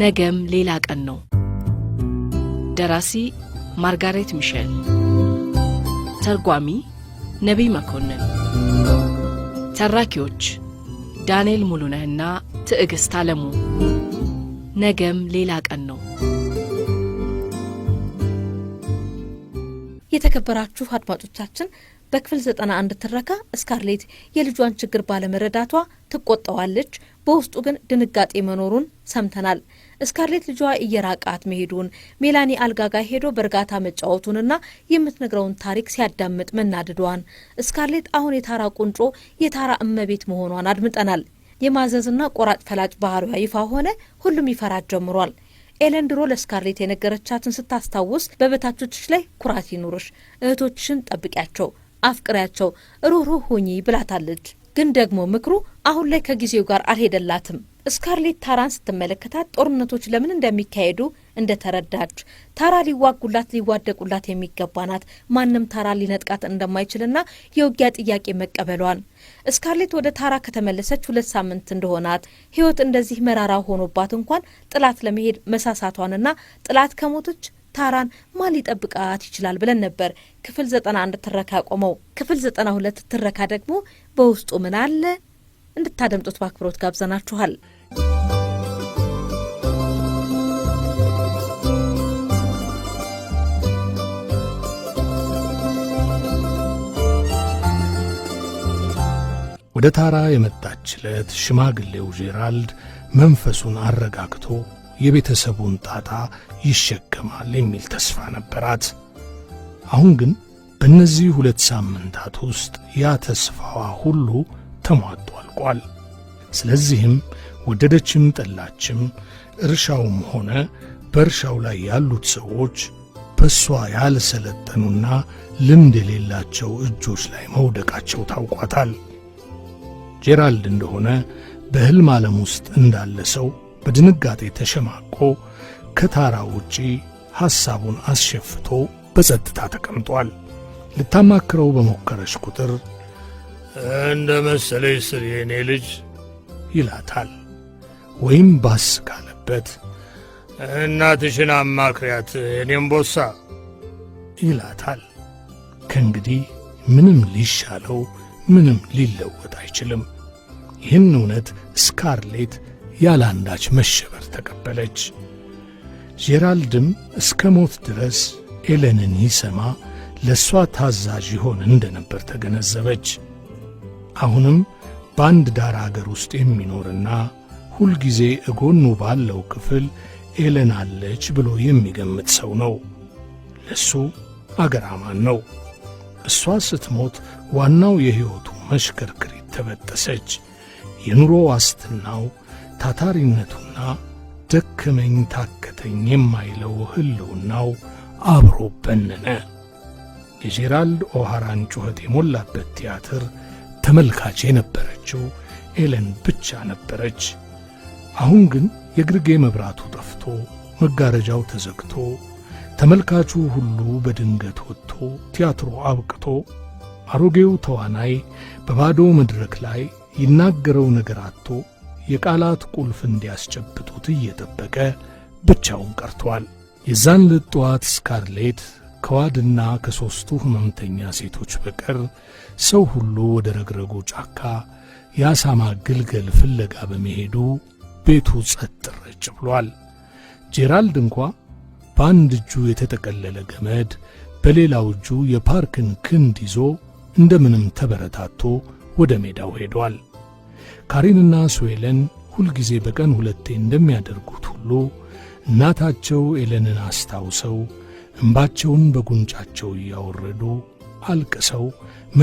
ነገም ሌላ ቀን ነው። ደራሲ ማርጋሬት ሚሸል ተርጓሚ ነቢይ መኮንን፣ ተራኪዎች ዳንኤል ሙሉነህና ትዕግሥት አለሙ። ነገም ሌላ ቀን ነው። የተከበራችሁ አድማጮቻችን በክፍል ዘጠና አንድ ትረካ እስካርሌት የልጇን ችግር ባለመረዳቷ ትቆጣዋለች። በውስጡ ግን ድንጋጤ መኖሩን ሰምተናል። እስካርሌት ልጇ እየራቃት መሄዱን ሜላኒ አልጋ ጋር ሄዶ በእርጋታ መጫወቱንና የምትነግረውን ታሪክ ሲያዳምጥ መናድዷን እስካርሌት አሁን የታራ ቁንጮ የታራ እመቤት መሆኗን አድምጠናል። የማዘዝና ቆራጭ ፈላጭ ባህሪዋ ይፋ ሆነ። ሁሉም ይፈራት ጀምሯል። ኤለን ድሮ ለስካርሌት የነገረቻትን ስታስታውስ በበታቾችሽ ላይ ኩራት ይኑርሽ፣ እህቶችሽን ጠብቂያቸው፣ አፍቅሪያቸው፣ ሩህሩህ ሁኚ ብላታለች። ግን ደግሞ ምክሩ አሁን ላይ ከጊዜው ጋር አልሄደላትም። ስካርሌት ታራን ስትመለከታት ጦርነቶች ለምን እንደሚካሄዱ እንደተረዳች ታራ ሊዋጉላት ሊዋደቁላት የሚገባ ናት። ማንም ታራ ሊነጥቃት እንደማይችልና የውጊያ ጥያቄ መቀበሏን እስካርሌት ወደ ታራ ከተመለሰች ሁለት ሳምንት እንደሆናት ህይወት እንደዚህ መራራ ሆኖባት እንኳን ጥላት ለመሄድ መሳሳቷንና ጥላት ከሞቶች ታራን ማን ሊጠብቃት ይችላል ብለን ነበር። ክፍል ዘጠና አንድ ትረካ ቆመው ክፍል ዘጠና ሁለት ትረካ ደግሞ በውስጡ ምን አለ እንድታደምጡት በአክብሮት ጋብዘናችኋል። ወደ ታራ የመጣች ዕለት ሽማግሌው ጄራልድ መንፈሱን አረጋግቶ የቤተሰቡን ጣጣ ይሸከማል የሚል ተስፋ ነበራት። አሁን ግን በእነዚህ ሁለት ሳምንታት ውስጥ ያ ተስፋዋ ሁሉ ተሟጦ አልቋል። ስለዚህም ወደደችም ጠላችም እርሻውም ሆነ በእርሻው ላይ ያሉት ሰዎች በእሷ ያልሰለጠኑና ልምድ የሌላቸው እጆች ላይ መውደቃቸው ታውቋታል። ጄራልድ እንደሆነ በሕልም ዓለም ውስጥ እንዳለ ሰው በድንጋጤ ተሸማቆ ከታራ ውጪ ሐሳቡን አስሸፍቶ በጸጥታ ተቀምጧል። ልታማክረው በሞከረች ቁጥር እንደ መሰለኝ ስር የኔ ልጅ ይላታል። ወይም ባስ ካለበት እናትሽን አማክሪያት ቦሳ ይላታል። ከእንግዲህ ምንም ሊሻለው ምንም ሊለወጥ አይችልም። ይህን እውነት ስካርሌት ያላንዳች መሸበር ተቀበለች። ጄራልድም እስከ ሞት ድረስ ኤለንን ይሰማ፣ ለእሷ ታዛዥ ይሆን እንደነበር ተገነዘበች። አሁንም በአንድ ዳር አገር ውስጥ የሚኖርና ሁልጊዜ እጎኑ ባለው ክፍል ኤለን አለች ብሎ የሚገምት ሰው ነው። ለሱ አገር አማን ነው። እሷ ስትሞት ዋናው የሕይወቱ መሽከርክሪት ተበጠሰች። የኑሮ ዋስትናው ታታሪነቱና ደከመኝ ታከተኝ የማይለው ሕልውናው አብሮ በነነ። የጄራልድ ኦሃራን ጩኸት የሞላበት ቲያትር ተመልካች የነበረችው ኤለን ብቻ ነበረች። አሁን ግን የግርጌ መብራቱ ጠፍቶ መጋረጃው ተዘግቶ ተመልካቹ ሁሉ በድንገት ወጥቶ ቲያትሮ አብቅቶ አሮጌው ተዋናይ በባዶ መድረክ ላይ ይናገረው ነገር አጥቶ የቃላት ቁልፍ እንዲያስጨብጡት እየጠበቀ ብቻውን ቀርቷል። የዛን ለት ጠዋት ስካርሌት ከዋድና ከሦስቱ ሕመምተኛ ሴቶች በቀር ሰው ሁሉ ወደ ረግረጉ ጫካ የአሳማ ግልገል ፍለጋ በመሄዱ ቤቱ ጸጥ ረጭ ብሏል። ጄራልድ እንኳ በአንድ እጁ የተጠቀለለ ገመድ በሌላው እጁ የፓርክን ክንድ ይዞ እንደምንም ተበረታቶ ወደ ሜዳው ሄዷል። ካሪንና ስዌለን ሁልጊዜ በቀን ሁለቴ እንደሚያደርጉት ሁሉ እናታቸው ኤለንን አስታውሰው እምባቸውን በጉንጫቸው እያወረዱ አልቅሰው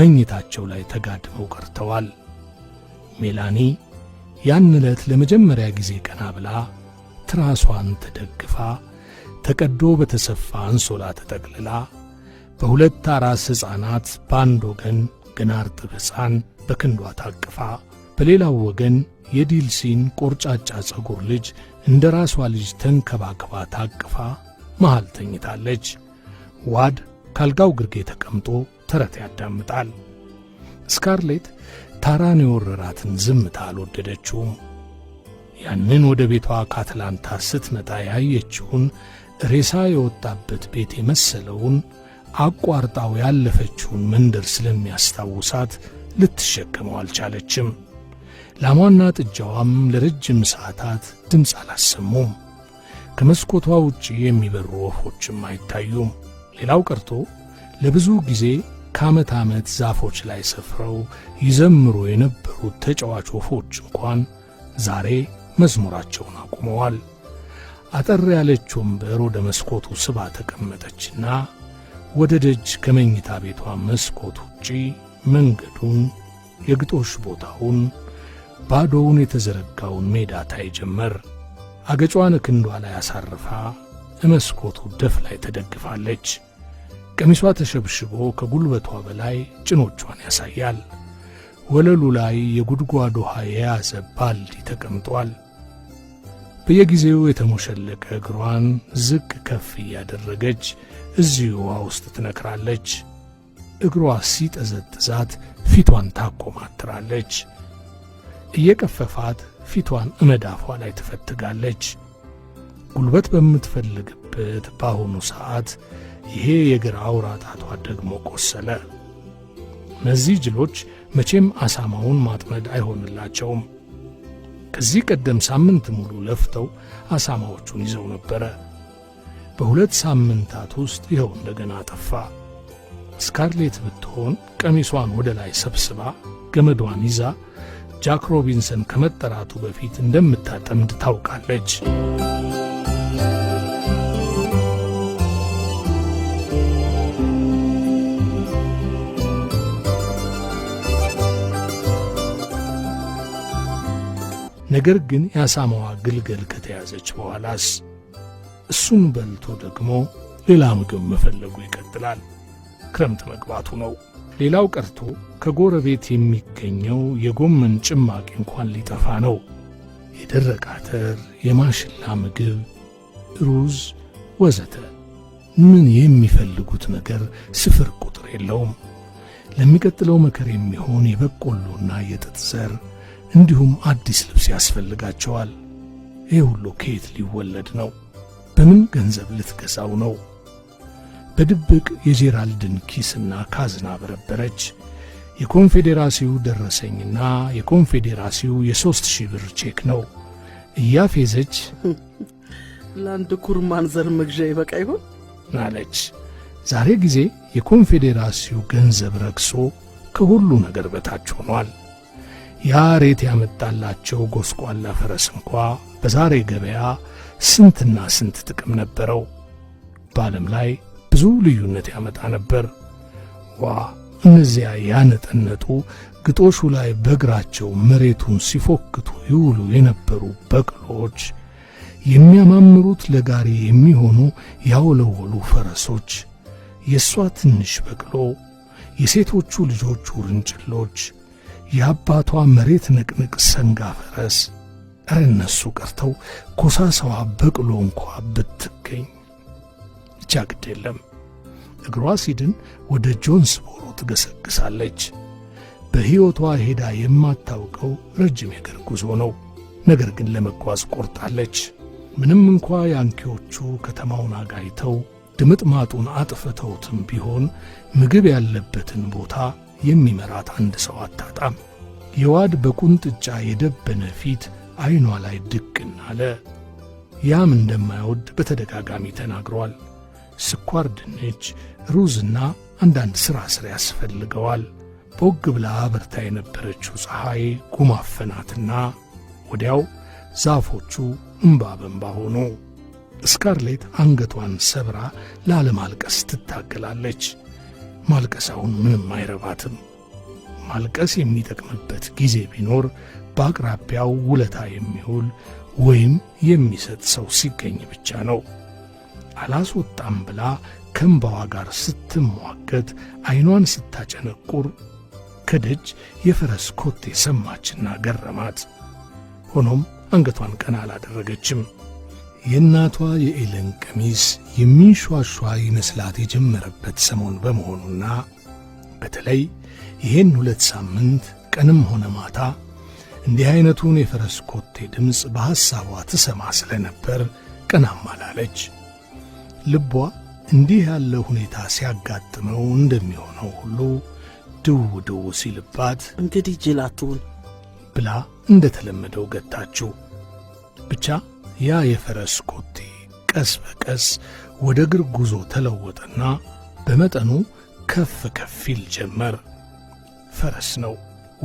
መኝታቸው ላይ ተጋድመው ቀርተዋል። ሜላኒ ያን ዕለት ለመጀመሪያ ጊዜ ቀና ብላ ትራሷን ተደግፋ ተቀዶ በተሰፋ አንሶላ ተጠቅልላ በሁለት አራስ ሕፃናት በአንድ ወገን ግና እርጥብ ሕፃን በክንዷ ታቅፋ በሌላው ወገን የዲልሲን ቆርጫጫ ፀጉር ልጅ እንደ ራሷ ልጅ ተንከባክባ ታቅፋ መሃል ተኝታለች። ዋድ ካልጋው ግርጌ ተቀምጦ ተረት ያዳምጣል። ስካርሌት ታራን የወረራትን ዝምታ አልወደደችውም። ያንን ወደ ቤቷ ከአትላንታ ስትመጣ ያየችውን ሬሳ የወጣበት ቤት የመሰለውን አቋርጣው ያለፈችውን መንደር ስለሚያስታውሳት ልትሸከመው አልቻለችም። ላሟና ጥጃዋም ለረጅም ሰዓታት ድምፅ አላሰሙም። ከመስኮቷ ውጪ የሚበሩ ወፎችም አይታዩም። ሌላው ቀርቶ ለብዙ ጊዜ ከዓመት ዓመት ዛፎች ላይ ሰፍረው ይዘምሩ የነበሩት ተጫዋች ወፎች እንኳን ዛሬ መዝሙራቸውን አቁመዋል። አጠር ያለች ወንበር ወደ መስኮቱ ስባ ተቀመጠችና ወደ ደጅ ከመኝታ ቤቷ መስኮት ውጪ መንገዱን፣ የግጦሽ ቦታውን፣ ባዶውን የተዘረጋውን ሜዳ ታይ ጀመር። አገጯን ክንዷ ላይ አሳርፋ መስኮቱ ደፍ ላይ ተደግፋለች። ቀሚሷ ተሸብሽቦ ከጉልበቷ በላይ ጭኖቿን ያሳያል። ወለሉ ላይ የጉድጓድ ውሃ የያዘ ባልዲ ተቀምጧል። በየጊዜው የተሞሸለቀ እግሯን ዝቅ ከፍ እያደረገች እዚህ ውሃ ውስጥ ትነክራለች። እግሯ ሲጠዘጥዛት ፊቷን ታኮማትራለች። እየቀፈፋት ፊቷን እመዳፏ ላይ ትፈትጋለች። ጉልበት በምትፈልግበት በአሁኑ ሰዓት ይሄ የግራ አውራ ጣቷ ደግሞ ቆሰለ። እነዚህ ጅሎች መቼም አሳማውን ማጥመድ አይሆንላቸውም። ከዚህ ቀደም ሳምንት ሙሉ ለፍተው አሳማዎቹን ይዘው ነበረ። በሁለት ሳምንታት ውስጥ ይኸው እንደገና ጠፋ። ስካርሌት ብትሆን ቀሚሷን ወደ ላይ ሰብስባ ገመዷን ይዛ ጃክ ሮቢንሰን ከመጠራቱ በፊት እንደምታጠምድ ታውቃለች። ነገር ግን የአሳማዋ ግልገል ከተያዘች በኋላስ እሱን በልቶ ደግሞ ሌላ ምግብ መፈለጉ ይቀጥላል። ክረምት መግባቱ ነው። ሌላው ቀርቶ ከጎረቤት የሚገኘው የጎመን ጭማቂ እንኳን ሊጠፋ ነው። የደረቀ አተር፣ የማሽላ ምግብ፣ ሩዝ ወዘተ ምን የሚፈልጉት ነገር ስፍር ቁጥር የለውም። ለሚቀጥለው መከር የሚሆን የበቆሎና የጥጥ ዘር እንዲሁም አዲስ ልብስ ያስፈልጋቸዋል። ይህ ሁሉ ከየት ሊወለድ ነው? በምን ገንዘብ ልትገዛው ነው? በድብቅ የጄራልድን ኪስና ካዝና በረበረች። የኮንፌዴራሲው ደረሰኝና የኮንፌዴራሲው የሦስት ሺህ ብር ቼክ ነው። እያፌዘች ለአንድ ኩርማን ዘር መግዣ ይበቃ ይሆን አለች። ዛሬ ጊዜ የኮንፌዴራሲው ገንዘብ ረግሶ ከሁሉ ነገር በታች ሆኗል። ያሬት ያመጣላቸው ጎስቋላ ፈረስ እንኳ በዛሬ ገበያ ስንትና ስንት ጥቅም ነበረው። በዓለም ላይ ብዙ ልዩነት ያመጣ ነበር። ዋ እነዚያ ያነጠነጡ ግጦሹ ላይ በእግራቸው መሬቱን ሲፎክቱ ይውሉ የነበሩ በቅሎች፣ የሚያማምሩት ለጋሪ የሚሆኑ ያውለወሉ ፈረሶች፣ የእሷ ትንሽ በቅሎ፣ የሴቶቹ ልጆች ውርንጭሎች የአባቷ መሬት ንቅንቅ ሰንጋ ፈረስ፣ እረ እነሱ ቀርተው ኮሳሰዋ በቅሎ እንኳ ብትገኝ ብቻ ግድ የለም። እግሯ ሲድን ወደ ጆንስቦሮ ትገሰግሳለች። በሕይወቷ ሄዳ የማታውቀው ረጅም የእግር ጉዞ ነው። ነገር ግን ለመጓዝ ቆርጣለች። ምንም እንኳ ያንኪዎቹ ከተማውን አጋይተው ድምጥማጡን አጥፍተውትም ቢሆን ምግብ ያለበትን ቦታ የሚመራት አንድ ሰው አታጣም። የዋድ በቁንጥጫ የደበነ ፊት ዐይኗ ላይ ድቅን አለ። ያም እንደማይወድ በተደጋጋሚ ተናግሯል። ስኳር ድንች፣ ሩዝና አንዳንድ ሥራ ሥር ያስፈልገዋል። ቦግ ብላ በርታ የነበረችው ፀሐይ ጉማፈናትና ወዲያው ዛፎቹ እምባ በእምባ ሆኑ። ስካርሌት አንገቷን ሰብራ ላለማልቀስ ትታገላለች። ማልቀስ አሁን ምንም አይረባትም። ማልቀስ የሚጠቅምበት ጊዜ ቢኖር በአቅራቢያው ውለታ የሚውል ወይም የሚሰጥ ሰው ሲገኝ ብቻ ነው። አላስወጣም ብላ ከእንባዋ ጋር ስትሟገት ዐይኗን ስታጨነቁር ከደጅ የፈረስ ኮቴ ሰማችና ገረማት። ሆኖም አንገቷን ቀና አላደረገችም። የእናቷ የኤለን ቀሚስ የሚንሿሿ ይመስላት የጀመረበት ሰሞን በመሆኑና በተለይ ይህን ሁለት ሳምንት ቀንም ሆነ ማታ እንዲህ ዐይነቱን የፈረስ ኮቴ ድምፅ በሐሳቧ ትሰማ ስለ ነበር ቀናም አላለች። ልቧ እንዲህ ያለ ሁኔታ ሲያጋጥመው እንደሚሆነው ሁሉ ድው ድው ሲልባት እንግዲህ ጅላቱን ብላ እንደ ተለመደው ገታችው ብቻ ያ የፈረስ ኮቴ ቀስ በቀስ ወደ እግር ጉዞ ተለወጠና በመጠኑ ከፍ ከፍ ይል ጀመር። ፈረስ ነው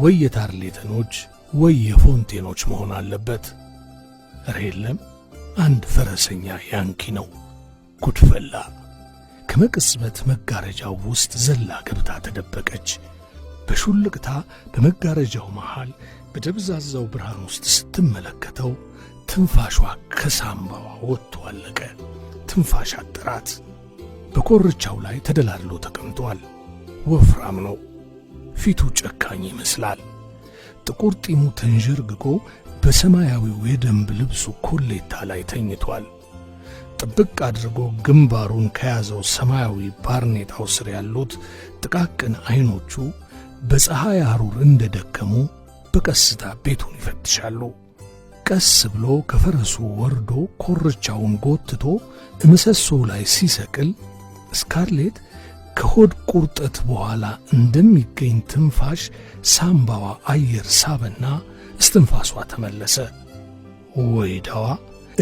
ወይ የታርሌተኖች ወይ የፎንቴኖች መሆን አለበት። እረ የለም አንድ ፈረሰኛ ያንኪ ነው። ጉድፈላ ከመቅጽበት መጋረጃው ውስጥ ዘላ ገብታ ተደበቀች። በሹልቅታ በመጋረጃው መሃል በደብዛዛው ብርሃን ውስጥ ስትመለከተው ትንፋሿ ከሳምባዋ ወጥቶ አለቀ። ትንፋሽ አጠራት። በኮርቻው ላይ ተደላድሎ ተቀምጧል። ወፍራም ነው። ፊቱ ጨካኝ ይመስላል። ጥቁር ጢሙ ተንዠርግጎ በሰማያዊው የደንብ ልብሱ ኮሌታ ላይ ተኝቷል። ጥብቅ አድርጎ ግንባሩን ከያዘው ሰማያዊ ባርኔጣው ስር ያሉት ጥቃቅን ዐይኖቹ በፀሐይ አሩር እንደ ደከሙ በቀስታ ቤቱን ይፈትሻሉ። ቀስ ብሎ ከፈረሱ ወርዶ ኮርቻውን ጎትቶ ምሰሶው ላይ ሲሰቅል ስካርሌት ከሆድ ቁርጠት በኋላ እንደሚገኝ ትንፋሽ ሳምባዋ አየር ሳበና እስትንፋሷ ተመለሰ። ወይዳዋ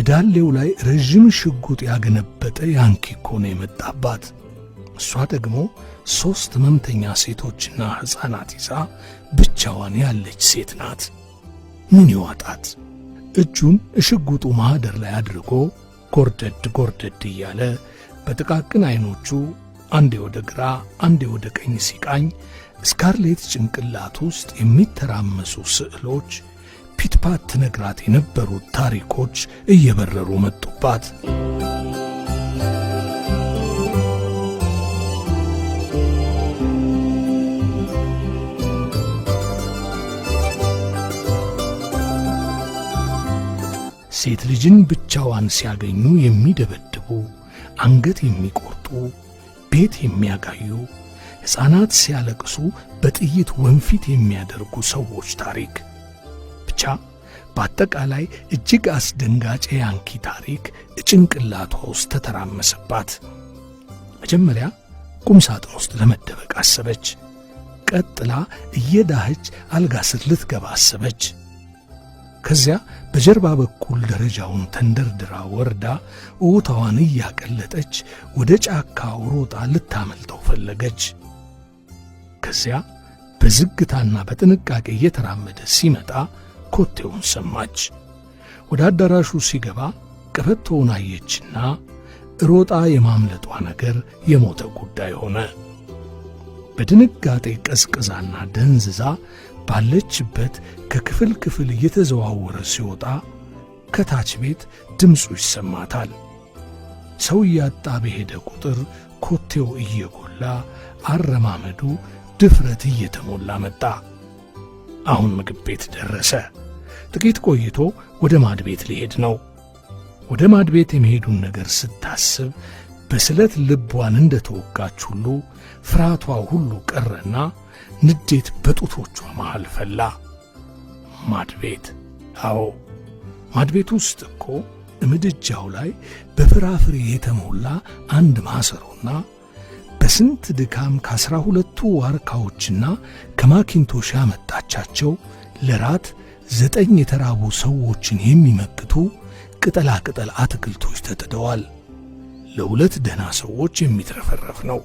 እዳሌው ላይ ረዥም ሽጉጥ ያገነበጠ ያንኪ እኮ ነው የመጣባት። እሷ ደግሞ ሦስት ሕመምተኛ ሴቶችና ሕፃናት ይዛ ብቻዋን ያለች ሴት ናት። ምን ይዋጣት? እጁን እሽጉጡ ማኅደር ላይ አድርጎ ጎርደድ ጎርደድ እያለ በጥቃቅን ዐይኖቹ አንዴ ወደ ግራ አንዴ ወደ ቀኝ ሲቃኝ ስካርሌት ጭንቅላት ውስጥ የሚተራመሱ ስዕሎች ፒትፓት ትነግራት የነበሩት ታሪኮች እየበረሩ መጡባት። ሴት ልጅን ብቻዋን ሲያገኙ የሚደበድቡ፣ አንገት የሚቆርጡ፣ ቤት የሚያጋዩ፣ ሕፃናት ሲያለቅሱ በጥይት ወንፊት የሚያደርጉ ሰዎች ታሪክ ብቻ በአጠቃላይ እጅግ አስደንጋጭ የያንኪ ታሪክ ጭንቅላቷ ውስጥ ተተራመሰባት። መጀመሪያ ቁም ሳጥን ውስጥ ለመደበቅ አሰበች። ቀጥላ እየዳህች አልጋ ስር ልትገባ አሰበች። ከዚያ በጀርባ በኩል ደረጃውን ተንደርድራ ወርዳ ውታዋን እያቀለጠች ወደ ጫካ ሮጣ ልታመልጠው ፈለገች። ከዚያ በዝግታና በጥንቃቄ እየተራመደ ሲመጣ ኮቴውን ሰማች። ወደ አዳራሹ ሲገባ ቀበቶውን አየችና ሮጣ የማምለጧ ነገር የሞተ ጉዳይ ሆነ። በድንጋጤ ቀዝቅዛና ደንዝዛ ባለችበት ከክፍል ክፍል እየተዘዋወረ ሲወጣ ከታች ቤት ድምፁ ይሰማታል። ሰው እያጣ በሄደ ቁጥር ኮቴው እየጎላ አረማመዱ ድፍረት እየተሞላ መጣ። አሁን ምግብ ቤት ደረሰ። ጥቂት ቆይቶ ወደ ማድ ቤት ሊሄድ ነው። ወደ ማድ ቤት የመሄዱን ነገር ስታስብ በስለት ልቧን እንደ ተወጋች ሁሉ ፍርሃቷ ሁሉ ቀረና ንዴት በጡቶቿ መሃል ፈላ። ማድቤት አዎ፣ ማድቤት ውስጥ እኮ ምድጃው ላይ በፍራፍሬ የተሞላ አንድ ማሰሮና በስንት ድካም ከአስራ ሁለቱ ዋርካዎችና ከማኪንቶሽ ያመጣቻቸው ለራት ዘጠኝ የተራቡ ሰዎችን የሚመክቱ ቅጠላ ቅጠል አትክልቶች ተጥደዋል። ለሁለት ደህና ሰዎች የሚትረፈረፍ ነው።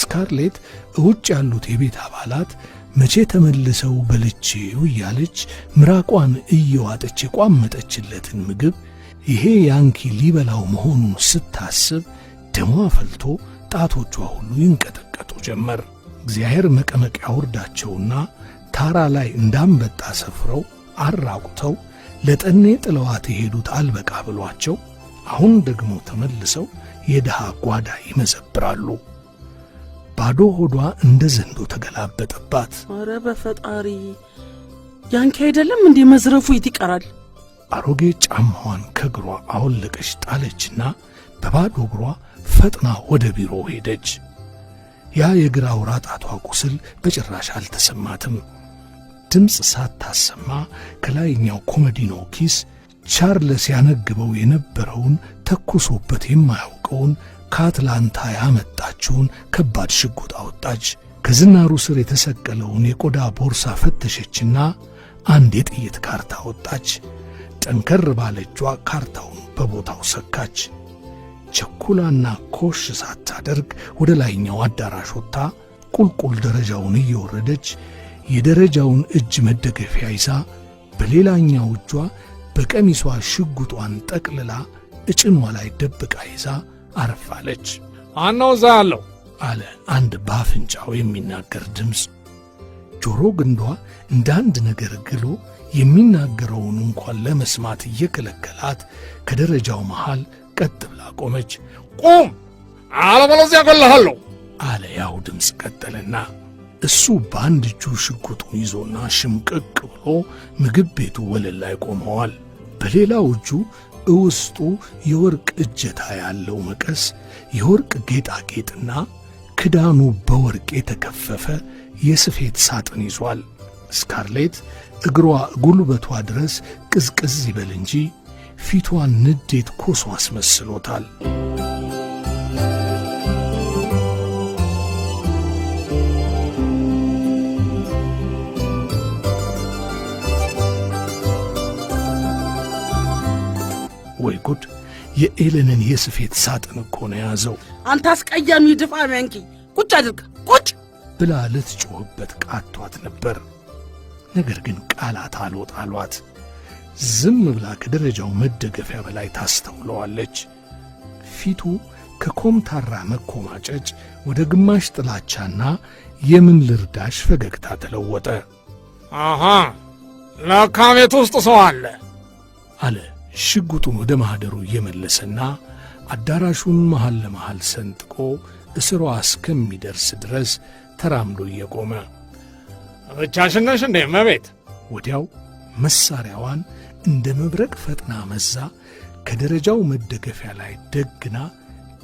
ስካርሌት እውጭ ያሉት የቤት አባላት መቼ ተመልሰው በልቼው እያለች ምራቋን እየዋጠች የቋመጠችለትን ምግብ ይሄ ያንኪ ሊበላው መሆኑን ስታስብ ደሟ ፈልቶ ጣቶቿ ሁሉ ይንቀጠቀጡ ጀመር። እግዚአብሔር መቀመቅ ያወርዳቸውና ታራ ላይ እንዳንበጣ ሰፍረው አራቁተው ለጠኔ ጥለዋት የሄዱት አልበቃ ብሏቸው አሁን ደግሞ ተመልሰው የድሃ ጓዳ ይመዘብራሉ። ባዶ ሆዷ እንደ ዘንዶ ተገላበጠባት። ኧረ በፈጣሪ ያንኪ አይደለም እንዴ መዝረፉ የት ይቀራል? አሮጌ ጫማዋን ከእግሯ አወለቀች ጣለችና በባዶ እግሯ ፈጥና ወደ ቢሮ ሄደች። ያ የግራ አውራ ጣቷ ቁስል በጭራሽ አልተሰማትም። ድምፅ ሳታሰማ ከላይኛው ኮመዲኖ ኪስ ቻርለስ ያነግበው የነበረውን ተኩሶበት የማያውቀውን ከአትላንታ ያመጣችውን ከባድ ሽጉጥ አወጣች። ከዝናሩ ስር የተሰቀለውን የቆዳ ቦርሳ ፈተሸችና አንድ የጥይት ካርታ ወጣች። ጠንከር እጇ ካርታውን በቦታው ሰካች። ቸኩላና ኮሽ ሳታደርግ ወደ ላይኛው አዳራሽ ወጥታ ቁልቁል ደረጃውን እየወረደች የደረጃውን እጅ መደገፊያ ይዛ በሌላኛው እጇ በቀሚሷ ሽጉጧን ጠቅልላ እጭኗ ላይ ደብቃ ይዛ አረፋለች። አናውዛለሁ አለ አንድ በአፍንጫው የሚናገር ድምፅ። ጆሮ ግንዷ እንደ አንድ ነገር ግሎ የሚናገረውን እንኳን ለመስማት እየከለከላት ከደረጃው መሃል ቀጥ ብላ ቆመች። ቁም አለበለዚያ እገልሃለሁ አለ ያው ድምፅ ቀጠልና እሱ በአንድ እጁ ሽጉጡን ይዞና ሽምቅቅ ብሎ ምግብ ቤቱ ወለል ላይ ቆመዋል። በሌላው እጁ እውስጡ የወርቅ እጀታ ያለው መቀስ፣ የወርቅ ጌጣጌጥና ክዳኑ በወርቅ የተከፈፈ የስፌት ሳጥን ይዟል። ስካርሌት እግሯ ጉልበቷ ድረስ ቅዝቅዝ ይበል እንጂ ፊቷን ንዴት ኮሶ አስመስሎታል። ወይ ጉድ! የኤለንን የስፌት ሳጥን እኮ ነው የያዘው። አንተ አስቀያሚ ድፋ መንኪ ቁጭ አድርግ ቁጭ ብላ ልትጮህበት ቃቷት ነበር። ነገር ግን ቃላት አልወጣ አሏት። ዝም ብላ ከደረጃው መደገፊያ በላይ ታስተውለዋለች። ፊቱ ከኮምታራ መኮማጨጭ ወደ ግማሽ ጥላቻና የምን ልርዳሽ ፈገግታ ተለወጠ። አሃ ለካ ቤት ውስጥ ሰው አለ አለ ሽጉጡን ወደ ማኅደሩ እየመለሰና አዳራሹን መሃል ለመሃል ሰንጥቆ እስሯ እስከሚደርስ ድረስ ተራምዶ እየቆመ ብቻሽን ነሽ እንዴ መቤት? ወዲያው መሣሪያዋን እንደ መብረቅ ፈጥና መዛ ከደረጃው መደገፊያ ላይ ደግና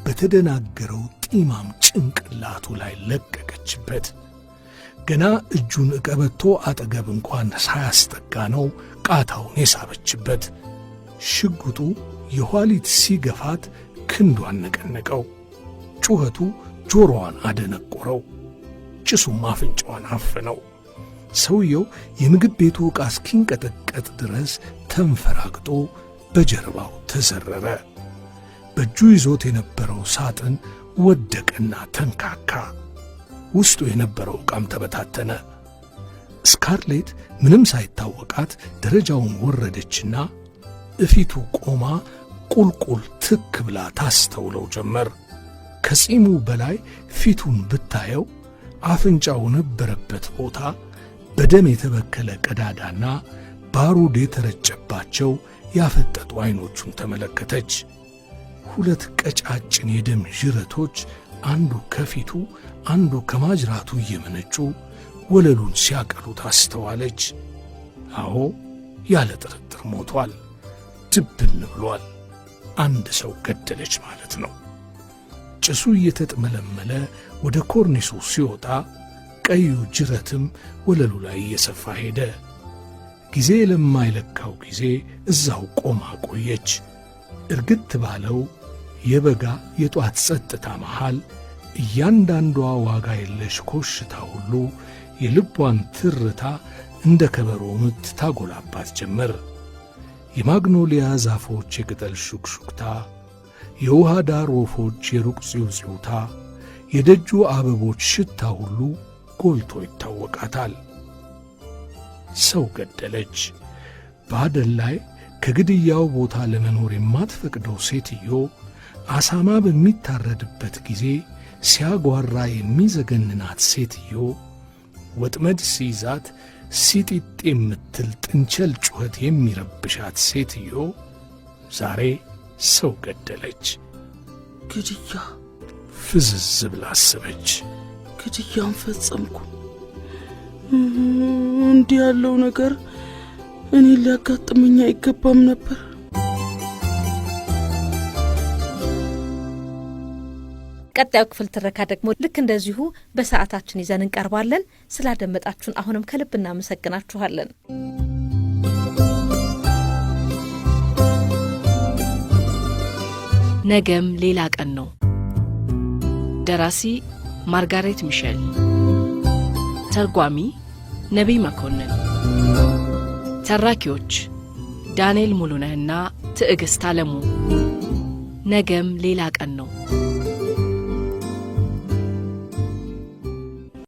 በተደናገረው ጢማም ጭንቅላቱ ላይ ለቀቀችበት። ገና እጁን እቀበቶ አጠገብ እንኳን ሳያስጠጋ ነው ቃታውን የሳበችበት። ሽጉጡ የኋሊት ሲገፋት ክንዷን ነቀነቀው። ጩኸቱ ጆሮዋን አደነቆረው። ጭሱም አፍንጫዋን አፈነው። ሰውየው የምግብ ቤቱ ዕቃ እስኪንቀጠቀጥ ድረስ ተንፈራግጦ በጀርባው ተዘረረ። በእጁ ይዞት የነበረው ሳጥን ወደቀና ተንካካ። ውስጡ የነበረው ዕቃም ተበታተነ። ስካርሌት ምንም ሳይታወቃት ደረጃውን ወረደችና እፊቱ ቆማ ቁልቁል ትክ ብላ ታስተውለው ጀመር። ከጺሙ በላይ ፊቱን ብታየው አፍንጫው ነበረበት ቦታ በደም የተበከለ ቀዳዳና ባሩድ የተረጨባቸው ያፈጠጡ ዐይኖቹን ተመለከተች። ሁለት ቀጫጭን የደም ዥረቶች አንዱ ከፊቱ አንዱ ከማጅራቱ እየመነጩ ወለሉን ሲያቀሉት አስተዋለች። አዎ ያለ ጥርጥር ሞቷል። ድብን ብሏል። አንድ ሰው ገደለች ማለት ነው። ጭሱ እየተጥመለመለ ወደ ኮርኒሱ ሲወጣ ቀዩ ጅረትም ወለሉ ላይ እየሰፋ ሄደ። ጊዜ ለማይለካው ጊዜ እዛው ቆማ ቆየች። እርግት ባለው የበጋ የጧት ጸጥታ መሃል እያንዳንዷ ዋጋ የለሽ ኮሽታ ሁሉ የልቧን ትርታ እንደ ከበሮ ምት ታጎላባት ጀመር። የማግኖሊያ ዛፎች የቅጠል ሹክሹክታ፣ የውሃ ዳር ወፎች የሩቅ ጽውጽውታ፣ የደጁ አበቦች ሽታ ሁሉ ጎልቶ ይታወቃታል። ሰው ገደለች። ባደን ላይ ከግድያው ቦታ ለመኖር የማትፈቅደው ሴትዮ አሳማ በሚታረድበት ጊዜ ሲያጓራ የሚዘገንናት ሴትዮ ወጥመድ ሲይዛት ሲጢጥ የምትል ጥንቸል ጩኸት የሚረብሻት ሴትዮ ዛሬ ሰው ገደለች። ግድያ ፍዝዝ ብላ አሰበች። ግድያን ፈጸምኩ። እንዲህ ያለው ነገር እኔ ሊያጋጥመኝ አይገባም ነበር። ቀጣዩ ክፍል ትረካ ደግሞ ልክ እንደዚሁ በሰዓታችን ይዘን እንቀርባለን። ስላደመጣችሁን አሁንም ከልብ እናመሰግናችኋለን። ነገም ሌላ ቀን ነው። ደራሲ ማርጋሬት ሚሸል፣ ተርጓሚ ነቢይ መኮንን፣ ተራኪዎች ዳንኤል ሙሉነህና ትዕግሥት አለሙ። ነገም ሌላ ቀን ነው።